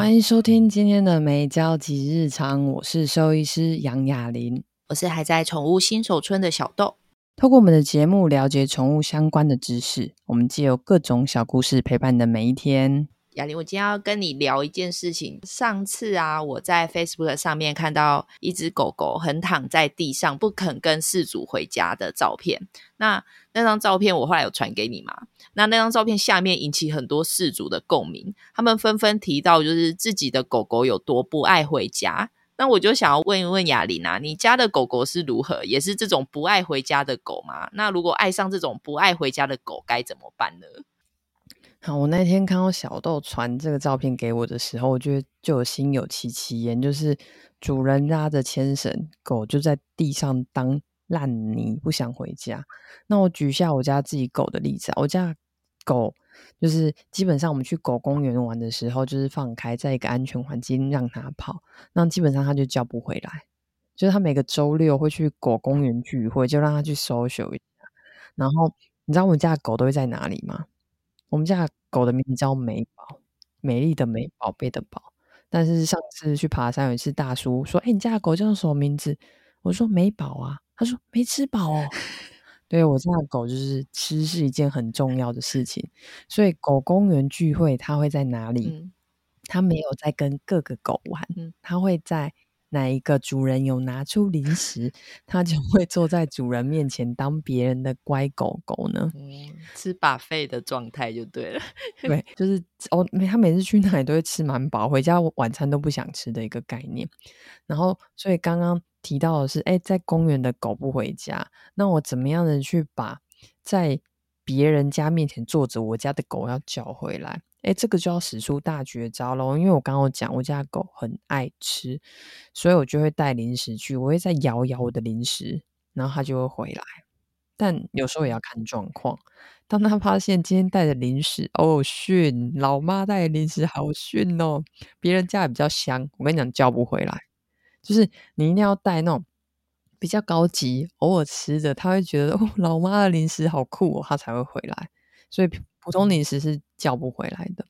歡迎收聽今天的《沒交集日常》，我是獸醫師楊雅琳，我是還在寵物新手村的小豆。透過我們的節目了解寵物相關的知識，我們藉由各種小故事陪伴你的每一天。雅玲，我今天要跟你聊一件事情。上次啊，我在 Facebook 上面看到一隻狗狗橫躺在地上，不肯跟飼主回家的照片。那那張照片我後來有傳給你嘛？那那張照片下面引起很多飼主的共鳴，他們紛紛提到就是自己的狗狗有多不愛回家。那我就想要問一問雅玲啊，你家的狗狗是如何，也是這種不愛回家的狗嗎？那如果愛上這種不愛回家的狗該怎麼辦呢？好，我那天看到小豆傳這個照片給我的時候，我覺得就有心有戚戚焉，就是主人拉着牽繩，狗就在地上當爛泥，不想回家。那我舉一下我家自己狗的例子啊，我家狗就是基本上我們去狗公園玩的時候，就是放開在一個安全環境讓它跑，那基本上它就叫不回來。就是它每個週六會去狗公園聚會，就讓它去 social 一下。然後你知道我們家狗都會在哪裡嗎？我們家的狗的名字叫美寶，美麗的美，寶貝的寶。但是上次去爬山有一次，大叔說：“哎，你家的狗叫什麼名字？”我說：“美寶啊。”他說：“沒吃飽哦。 ”對，我家的狗就是吃是一件很重要的事情，所以狗公園聚會它會在哪裡，嗯？它沒有在跟各個狗玩，它會在。哪一個主人有拿出零食，它就會坐在主人面前當別人的乖狗狗呢？嗯，吃 buffet 的狀態就對了。對，就是哦，它每次去那裡都會吃蠻飽，回家晚餐都不想吃的一個概念。然後，所以剛剛提到的是，哎，在公園的狗不回家，那我怎麼樣的去把在別人家面前坐着我家的狗要叫回來？誒，這個就要使出大絕招了，因為我剛剛有講，我家狗很愛吃，所以我就會帶零食去。我會再搖搖我的零食，然後它就會回來。但有時候也要看狀況，當他發現今天帶的零食，哦遜，老媽帶的零食好遜哦，別人家也比較香。我跟你講，叫不回來，就是你一定要帶那種比較高級，偶爾吃的，他會覺得哦，老媽的零食好酷哦，他才會回來。所以。普通零食是叫不回來的，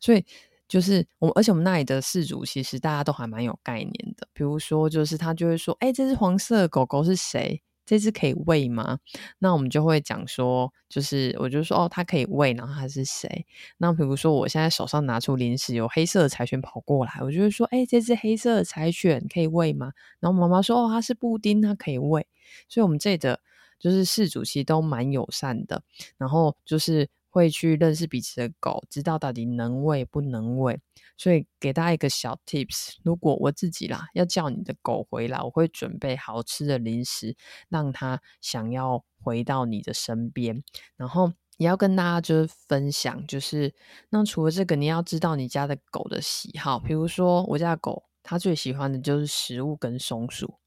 所以就是我們，而且我們那裡的飼主其實大家都還蠻有概念的。比如說，就是他就會說：“欸，這只黃色的狗狗是誰？這只可以餵嗎？”那我們就會講說：“就是我就說哦，它可以餵，然後它是誰？”那比如說，我現在手上拿出零食，有黑色的柴犬跑過來，我就會說：“欸，這只黑色的柴犬可以餵嗎？”然後媽媽說：“哦，它是布丁，它可以餵。”所以，我們這裡的就是飼主其實都蠻友善的，然後就是。會去認識彼此的狗，知道到底能餵不能餵。所以給大家一個小 tips，如果我自己啦，要叫你的狗回來，我會準備好吃的零食，讓它想要回到你的身邊。然後也要跟大家就是分享，就是那除了這個，你要知道你家的狗的喜好。比如說我家的狗，它最喜歡的就是食物跟松鼠。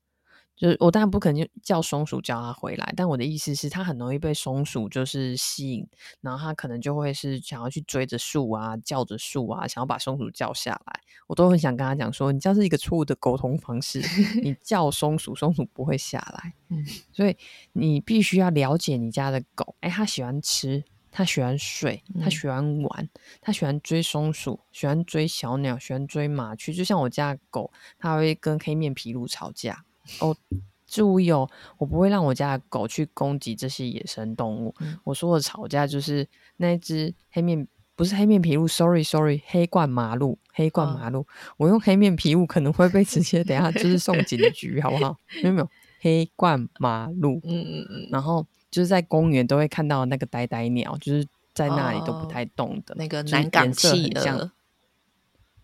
就是我當然不可能叫松鼠叫它回來，但我的意思是，它很容易被松鼠就是吸引，然後它可能就會是想要去追着樹啊，叫着樹啊，想要把松鼠叫下來。我都很想跟他講說，你這樣是一個錯誤的溝通方式，你叫松鼠， 松鼠不會下來。嗯、所以你必須要了解你家的狗，誒、欸、它喜歡吃，它喜歡睡，它喜歡玩，它、嗯、喜歡追松鼠，喜歡追小鳥，喜歡追麻雀。就像我家的狗，它會跟黑面琵鷺吵架。哦，注意哦，我不會讓我家的狗去攻擊這些野生動物、嗯。我說的吵架就是那只黑面，不是黑面琵鷺 sorry sorry，黑冠麻鷺，黑冠麻鷺、哦。我用黑面琵鷺可能會被直接等下就是送警局， 好不好？沒有沒有，黑冠麻鷺。嗯嗯嗯，然後就是在公園都會看到那個呆呆鳥，就是在那裡都不太動的、哦、那個南港企鵝。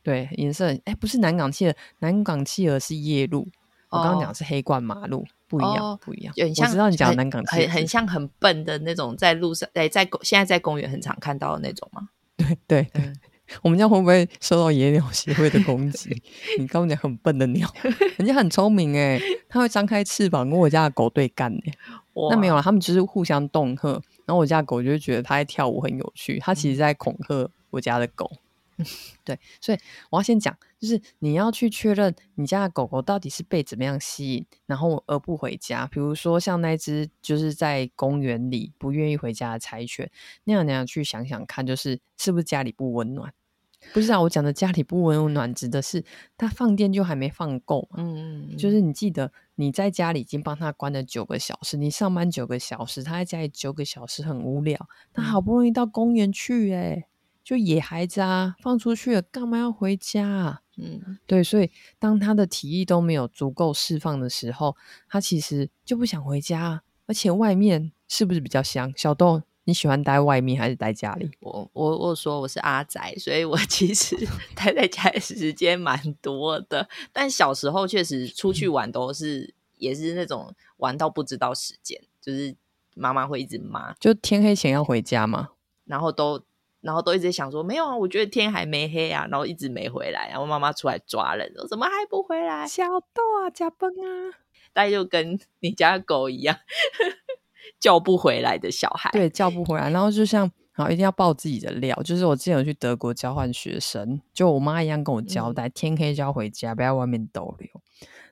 對，顏色哎、欸，不是南港企鵝，南港企鵝是夜鷺。我剛剛講的是黑冠麻鷺，哦，不一樣，哦，不一樣。我知道你講的港的，很很像很笨的那種，在路上，哎，在公現在在公園很常看到的那種嗎？對對對，嗯，我們家會不會受到野鳥協會的攻擊？ 你剛，剛講很笨的鳥， 人家很聰明哎，它會張開翅膀跟我，我家的狗對幹哎，那沒有了，他們就是互相恫嚇，然後我家的狗就覺得它在跳舞很有趣，它其實在恐嚇我家的狗。 對，所以我要先講，就是你要去確認你家的狗狗到底是被怎麼樣吸引，然後而不回家。比如說像那只就是在公園裡不願意回家的柴犬，那樣你要去想想看，就是是不是家裡不溫暖？不是啊，我講的家裡不溫暖，指的是他放電就還沒放夠嘛嗯，嗯嗯，就是你記得你在家裡已經幫他關了九個小時，你上班九個小時，他在家裡九個小時很無聊，他好不容易到公園去、欸，誒就野孩子啊，放出去了，幹嘛要回家啊？嗯，對，所以當他的體力都沒有足夠釋放的時候，他其實就不想回家，而且外面是不是比較香？小豆，你喜歡待外面還是待家裡？我我我說我是阿宅，所以我其實待在家的時間蠻多的，但小時候確實出去玩都是、嗯、也是那種玩到不知道時間，就是媽媽會一直罵，就天黑前要回家嘛，然後都。然後都一直想說，沒有啊，我覺得天還沒黑啊，然後一直沒回來，然後我媽媽出來抓人，說，怎麼還不回來？小豆啊，加崩啊，但就跟你家的狗一樣 叫不回來的小孩，對，叫不回來。然後就像然後一定要爆自己的料，就是我之前有去德國交換學生，就我媽一樣跟我交代，嗯、天黑就要回家，不要外面逗留。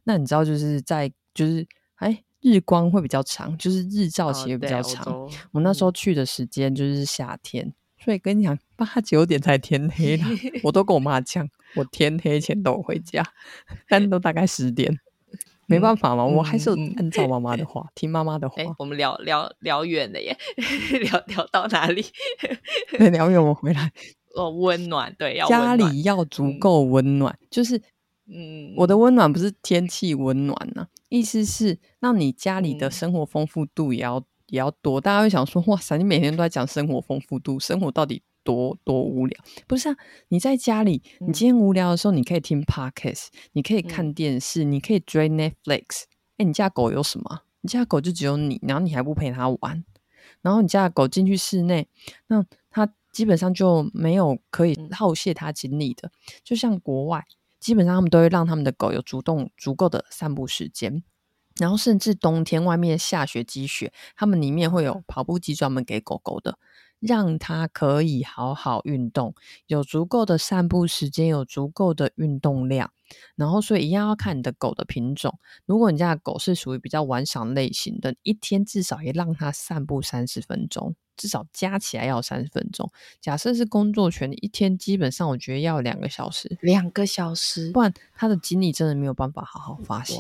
那你知道就是在就是哎，日光會比較長，就是日照其實比較長。哦、我那時候去的時間就是夏天。嗯所以跟你講，八九點才天黑了，我都跟我媽講，我天黑前都回家，但都大概十點，沒辦法嘛，我還是按照媽媽的話，嗯、聽媽媽的話。欸、我們聊聊聊遠了耶， 聊聊到哪裡？聊遠我回來哦，溫暖，對，溫暖，家裡要足夠溫暖，嗯、就是嗯，我的溫暖不是天氣溫暖呢、啊，意思是讓你家裡的生活豐富度也要。也要多，大家會想說哇塞，你每天都在講生活豐富度，生活到底多多無聊？不是啊，你在家裡，你今天無聊的時候，嗯、你可以聽 Podcast，你可以看電視，嗯、你可以追 Netflix。哎，你家狗有什麼？你家狗就只有你，然後你還不陪它玩，然後你家的狗進去室內，那它基本上就沒有可以耗泄它精力的。就像國外，基本上他們都會讓他們的狗有主動足夠的散步時間。然後甚至冬天外面下雪積雪，他們裡面會有跑步機專門給狗狗的，讓它可以好好運動，有足夠的散步時間，有足夠的運動量。然後所以一樣要看你的狗的品種。如果你家的狗是屬於比較玩賞類型的，一天至少也讓它散步三十分鐘，至少加起來要三十分鐘。假設是工作犬，一天基本上我覺得要兩個小時，兩個小時，不然它的精力真的沒有辦法好好發泄，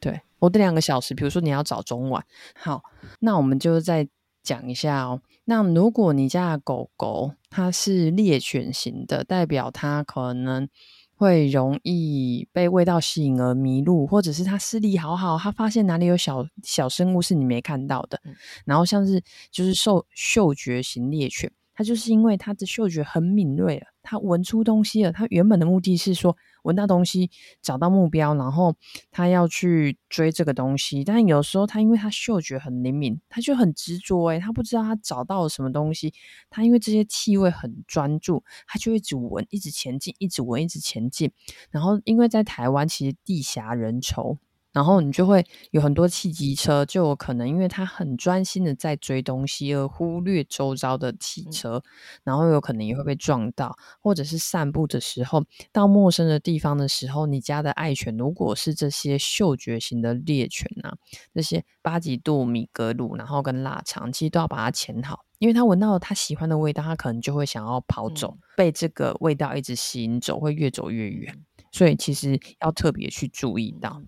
對。我這兩個小時，比如說你要早中晚，好，那我們就再講一下哦。那如果你家的狗狗它是獵犬型的，代表它可能會容易被味道吸引而迷路，或者是它視力好好，它發現哪裡有小小生物是你沒看到的。嗯，然後像是就是嗅嗅覺型獵犬。他就是因為他的嗅覺很敏銳了，他聞出東西了。他原本的目的是說，聞到東西，找到目標，然後他要去追這個東西。但有時候他因為他嗅覺很靈敏，他就很執着誒、欸，他不知道他找到了什麼東西。他因為這些氣味很專注，他就一直聞，一直前進，一直聞，一直，一直前進。然後因為在台灣其實地狹人稠。然後你就會有很多汽機車，就有可能因為他很專心的在追東西，而忽略周遭的汽車、嗯，然後有可能也會被撞到。或者是散步的時候，到陌生的地方的時候，你家的愛犬如果是這些嗅覺型的獵犬啊，那些巴吉度、米格魯，然後跟臘腸，其實都要把它牽好，因為他聞到他喜歡的味道，他可能就會想要跑走、嗯，被這個味道一直吸引走，會越走越遠。所以其實要特別去注意到，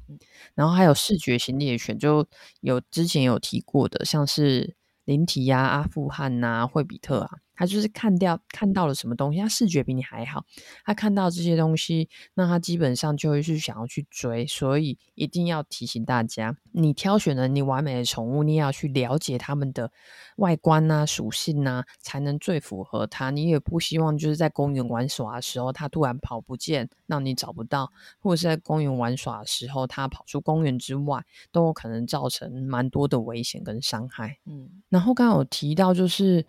然後還有視覺型獵犬，就有之前有提過的，像是靈緹呀、啊、阿富汗吶、啊、惠比特啊。他就是看掉看到了什麼東西，他視覺比你還好。他看到這些東西，那他基本上就會去想要去追。所以一定要提醒大家，你挑選了你完美的寵物，你也要去了解他們的外觀吶、啊、屬性吶、啊，才能最符合它。你也不希望就是在公園玩耍的時候，它突然跑不見，讓你找不到；或者是在公園玩耍的時候，它跑出公園之外，都有可能造成蠻多的危險跟傷害。嗯，然後剛剛有提到就是。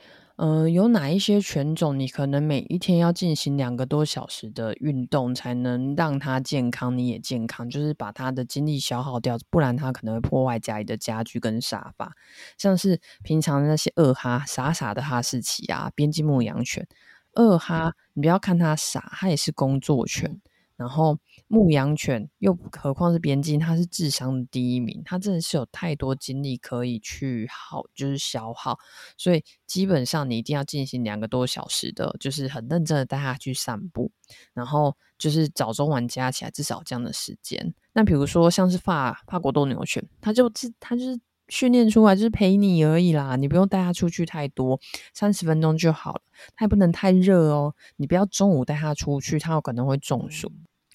嗯、呃，有哪一些犬種你可能每一天要進行兩個多小時的運動，才能讓它健康，你也健康，就是把它的精力消耗掉，不然它可能會破壞家裡的家具跟沙發。像是平常那些二哈、傻傻的哈士奇啊，邊境牧羊犬，二哈，你不要看它傻，它也是工作犬。然後牧羊犬，又何況是邊境，它是智商的第一名，它真的是有太多精力可以去耗，就是消耗，所以基本上你一定要進行兩個多小時的，就是很認真的帶它去散步，然後就是早中晚加起來至少這樣的時間。那比如說像是法法國鬥牛犬，它就是它就是訓練出來就是陪你而已啦，你不用帶它出去太多，三十分鐘就好了，它也不能太熱哦，你不要中午帶它出去，它有可能會中暑。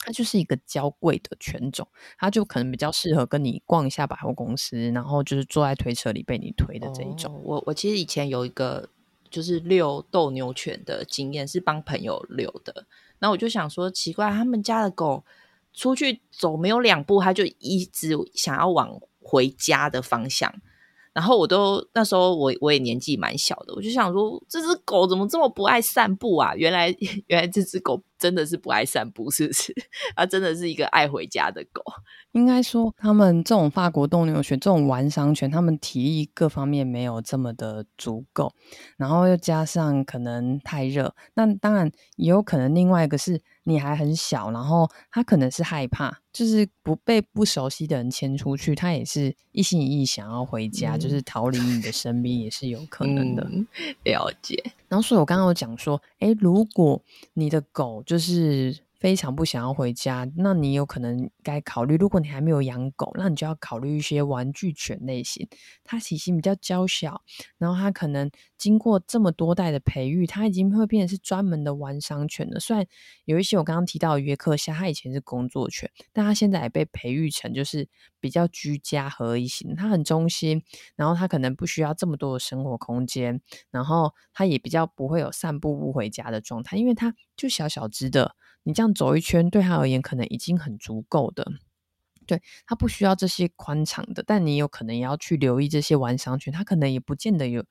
它就是一個嬌貴的犬種，它就可能比較適合跟你逛一下百貨公司，然後就是坐在推車裡被你推的這一種。哦、我我其實以前有一個就是遛鬥牛犬的經驗，是幫朋友遛的。那我就想說，奇怪，他們家的狗出去走沒有兩步，它就一直想要往回家的方向。然後我都那時候我我也年紀蠻小的，我就想說這隻狗怎麼這麼不愛散步啊？原來原來這隻狗真的是不愛散步，是不是？它真的是一個愛回家的狗。應該說，他們這種法國鬥牛犬這種玩賞犬，他們體力各方面沒有這麼的足夠，然後又加上可能太熱，那當然也有可能另外一個是。你還很小，然後他可能是害怕，就是不被不熟悉的人牽出去，他也是一心一意想要回家，嗯、就是逃離你的身邊也是有可能的。嗯、了解。然後，所以我剛剛有講說，哎、欸，如果你的狗就是。非常不想要回家，那你有可能該考慮。如果你還沒有養狗，那你就要考慮一些玩具犬類型，它體型比較嬌小，然後它可能經過這麼多代的培育，它已經會變成是專門的玩賞犬了。雖然有一些我剛剛提到的約克夏，它以前是工作犬，但它現在也被培育成就是比較居家和一型，它很忠心，然後它可能不需要這麼多的生活空間，然後它也比較不會有散步不回家的狀態，因為它就小小隻的。你這樣走一圈，對他而言可能已經很足夠的，對他不需要這些寬敞的，但你有可能也要去留意這些玩賞犬。他可能也不見得有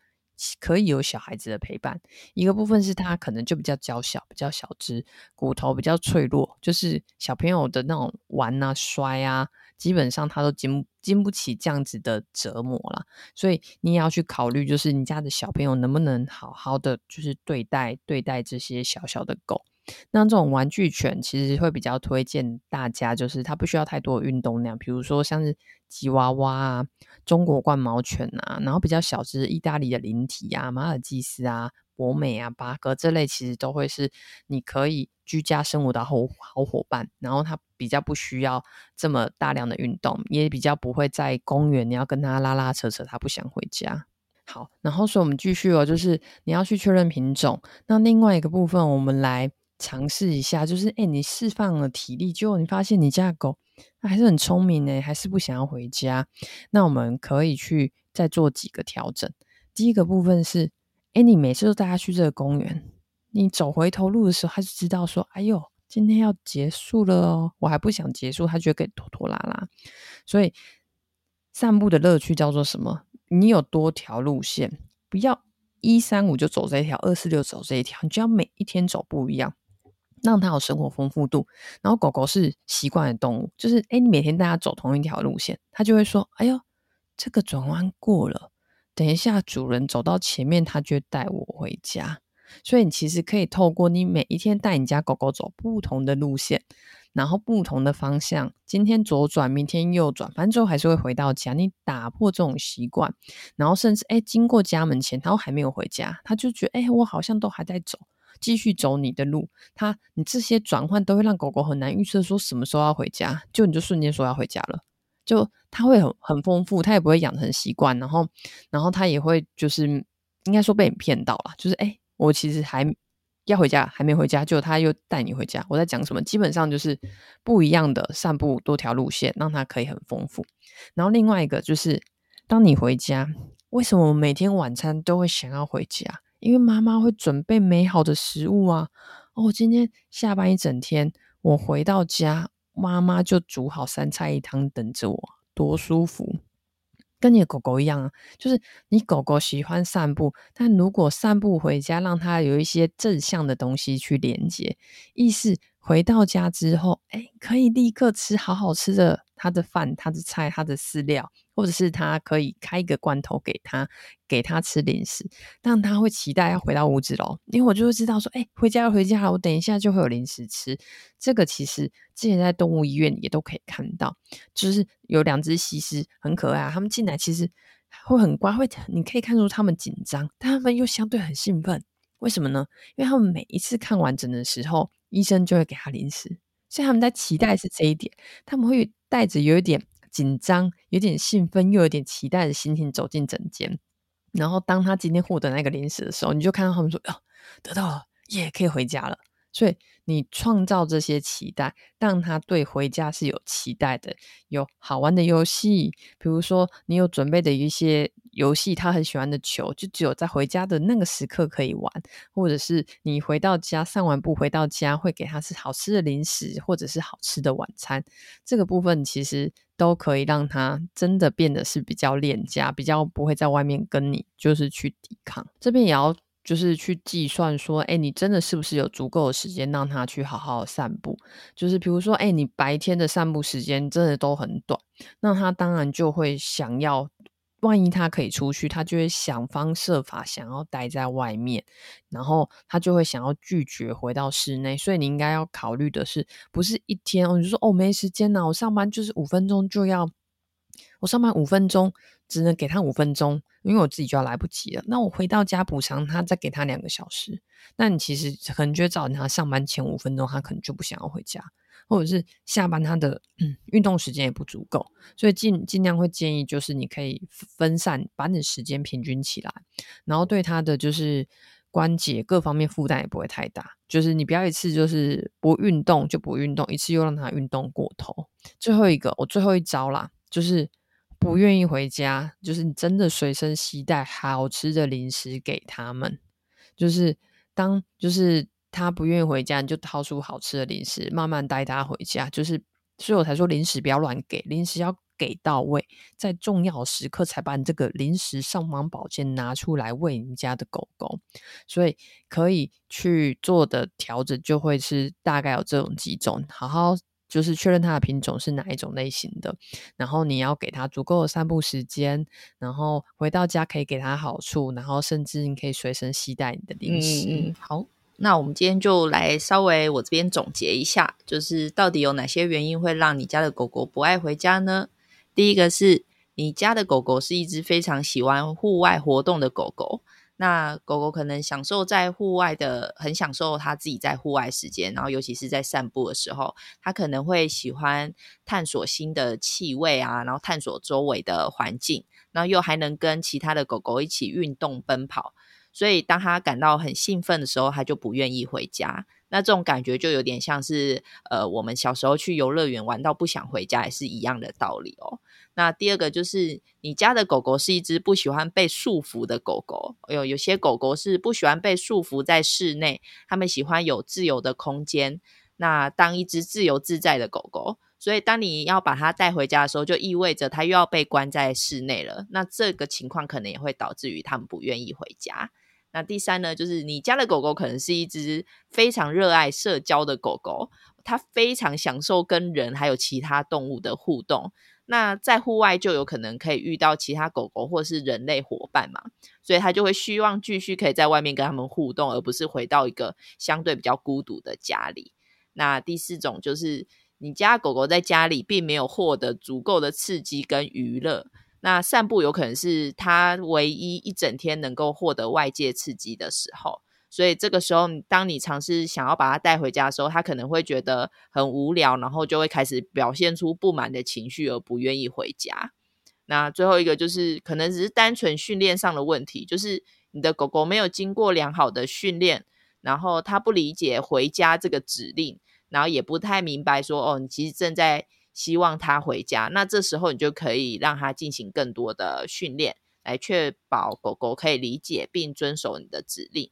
可以有小孩子的陪伴。一個部分是他可能就比較嬌小，比較小只，骨頭比較脆弱，就是小朋友的那種玩啊摔啊，基本上他都經經不起這樣子的折磨了。所以你也要去考慮，就是你家的小朋友能不能好好的，就是對待對待這些小小的狗。那這種玩具犬其實會比較推薦大家，就是它不需要太多的運動量，比如說像是吉娃娃啊、中國冠毛犬啊，然後比較小隻意大利的靈緹啊、馬爾濟斯啊、博美啊、巴哥這類，其實都會是你可以居家生活的好好夥伴。然後它比較不需要這麼大量的運動，也比較不會在公園你要跟它拉拉扯扯，它不想回家。好，然後所以我們繼續哦，就是你要去確認品種。那另外一個部分，我們來。嘗試一下，就是哎、欸，你釋放了體力，結果你發現你家的狗它還是很聰明呢，還是不想要回家。那我們可以去再做幾個調整。第一個部分是，哎、欸，你每次都帶他去這個公園，你走回頭路的時候，他就知道說，哎呦，今天要結束了哦，我還不想結束，他就覺得可以拖拖拉拉。所以，散步的樂趣叫做什麼？你有多條路線，不要一三五就走這一條，二四六走這一條，你就要每一天走不一樣。讓它有生活豐富度，然後狗狗是習慣的動物，就是誒，你每天帶它走同一條路線，它就會說，哎呦，這個轉彎過了，等一下主人走到前面，它就帶我回家。所以你其實可以透過你每一天帶你家狗狗走不同的路線，然後不同的方向，今天左轉，明天右轉，反正最後還是會回到家。你打破這種習慣，然後甚至誒，經過家門前，它都還沒有回家，它就覺得誒，我好像都還在走。繼續走你的路，它你這些轉換都會讓狗狗很難預測，說什麼時候要回家，就你就瞬間說要回家了，就它會很很豐富，它也不會養成習慣，然後然後它也會就是應該說被你騙到了，就是誒，我其實還要回家，還沒回家，就它又帶你回家。我在講什麼？基本上就是不一樣的散步多條路線，讓它可以很豐富。然後另外一個就是，當你回家，為什麼每天晚餐都會想要回家？因為媽媽會準備美好的食物啊！哦，今天下班一整天，我回到家，媽媽就煮好三菜一湯等着我，多舒服！跟你的狗狗一樣啊，就是你狗狗喜歡散步，但如果散步回家，讓它有一些正向的東西去連接，意思回到家之後，誒，可以立刻吃好好吃的它的飯、它的菜、它的飼料。或者是他可以開一個罐頭給他，給他吃零食，但他會期待要回到屋子咯，因為我就會知道說，哎、欸，回家了，回家了，我等一下就會有零食吃。這個其實之前在動物醫院也都可以看到，就是有兩隻西施很可愛、啊，他們進來其實會很乖，會你可以看出他們緊張，但他們又相對很興奮。為什麼呢？因為他們每一次看完診的時候，醫生就會給他零食，所以他們在期待是這一點，他們會帶着有一點。緊張、有點興奮又有點期待的心情走進診間，然後當他今天獲得那個零食的時候，你就看到他們說：“哦、啊，得到了，也、yeah, 可以回家了。”所以。你創造這些期待，讓他對回家是有期待的，有好玩的遊戲，比如說你有準備的一些遊戲，他很喜歡的球，就只有在回家的那個時刻可以玩，或者是你回到家散完步回到家會給他吃好吃的零食，或者是好吃的晚餐，這個部分其實都可以讓他真的變得是比較戀家，比較不會在外面跟你就是去抵抗，這邊也要。就是去計算說，誒、欸、你真的是不是有足夠的時間讓他去好好散步？就是比如說，誒、欸、你白天的散步時間真的都很短，那他當然就會想要。萬一他可以出去，他就會想方設法想要待在外面，然後他就會想要拒絕回到室內。所以你應該要考慮的是，不是一天？你就說，哦，沒時間了，我上班就是五分鐘就要，我上班五分鐘。只能給他五分鐘，因為我自己就要來不及了。那我回到家補償他，再給他兩個小時。那你其實可能覺得早上上班前五分鐘，他可能就不想要回家，或者是下班他的、嗯、運動時間也不足夠，所以盡盡量會建議就是你可以分散，把你時間平均起來，然後對他的就是關節各方面負擔也不會太大。就是你不要一次就是不運動就不運動，一次又讓他運動過頭。最後一個，我最後一招啦，就是。不願意回家，就是你真的隨身攜帶好吃的零食給他們。就是當就是他不願意回家，你就掏出好吃的零食，慢慢帶他回家。就是，所以我才說零食不要亂給，零食要給到位，在重要時刻才把你這個零食尚方寶劍拿出來餵你家的狗狗。所以可以去做的調整，就會是大概有這種幾種，好好。就是確認它的品種是哪一種類型的，然後你要給它足夠的散步時間，然後回到家可以給它好處，然後甚至你可以隨身攜帶你的零食。嗯，嗯嗯，好，那我們今天就來稍微我這邊總結一下，就是到底有哪些原因會讓你家的狗狗不愛回家呢？第一個是你家的狗狗是一隻非常喜歡戶外活動的狗狗。那狗狗可能享受在戶外的，很享受它自己在戶外時間，然後尤其是在散步的時候，它可能會喜歡探索新的氣味啊，然後探索周圍的環境，然後又還能跟其他的狗狗一起運動奔跑，所以當它感到很興奮的時候，它就不願意回家。那這種感覺就有點像是，呃，我們小時候去遊樂園玩到不想回家也是一樣的道理哦。那第二個就是，你家的狗狗是一隻不喜歡被束縛的狗狗。有、呃、有些狗狗是不喜歡被束縛在室內，它們喜歡有自由的空間。那當一隻自由自在的狗狗，所以當你要把它帶回家的時候，就意味着它又要被關在室內了。那這個情況可能也會導致於他們不願意回家。那第三呢，就是你家的狗狗可能是一隻非常熱愛社交的狗狗，它非常享受跟人還有其他動物的互動。那在戶外就有可能可以遇到其他狗狗或是人類夥伴嘛，所以它就會希望繼續可以在外面跟他們互動，而不是回到一個相對比較孤獨的家裡。那第四種就是你家狗狗在家裡並沒有獲得足夠的刺激跟娛樂。那散步有可能是它唯一一整天能夠獲得外界刺激的時候，所以這個時候，當你嘗試想要把它帶回家的時候，它可能會覺得很無聊，然後就會開始表現出不滿的情緒，而不願意回家。那最後一個就是可能只是單純訓練上的問題，就是你的狗狗沒有經過良好的訓練，然後它不理解回家這個指令，然後也不太明白說，哦，你其實正在。希望它回家，那這時候你就可以讓它進行更多的訓練，來確保狗狗可以理解並遵守你的指令。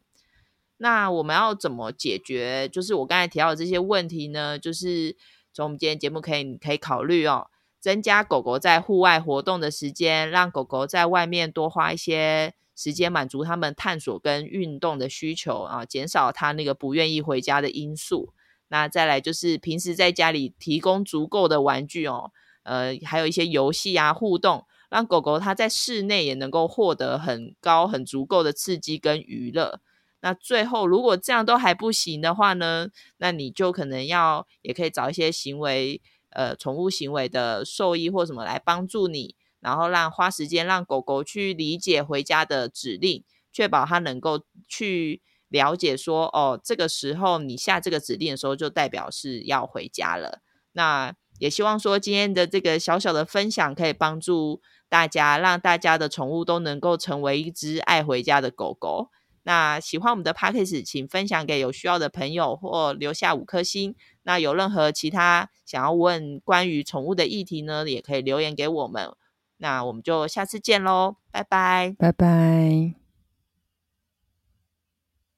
那我們要怎麼解決？就是我剛才提到的這些問題呢？就是從我們今天節目可以，你可以考慮哦，增加狗狗在戶外活動的時間，讓狗狗在外面多花一些時間，滿足它們探索跟運動的需求啊，減少它那個不願意回家的因素。那再來就是平時在家裡提供足夠的玩具哦，呃，還有一些遊戲啊互動，讓狗狗它在室內也能夠獲得很高很足夠的刺激跟娛樂。那最後如果這樣都還不行的話呢，那你就可能要也可以找一些行為，呃，寵物行為的獸醫或什麼來幫助你，然後讓，花時間讓狗狗去理解回家的指令，確保它能夠去。了解說哦，這個時候你下這個指令的時候，就代表是要回家了。那也希望說今天的這個小小的分享可以幫助大家，讓大家的寵物都能夠成為一只愛回家的狗狗。那喜歡我們的 podcast，請分享給有需要的朋友，或留下五顆星。那有任何其他想要問關於寵物的議題呢，也可以留言給我們。那我們就下次見嘍，拜拜，拜拜。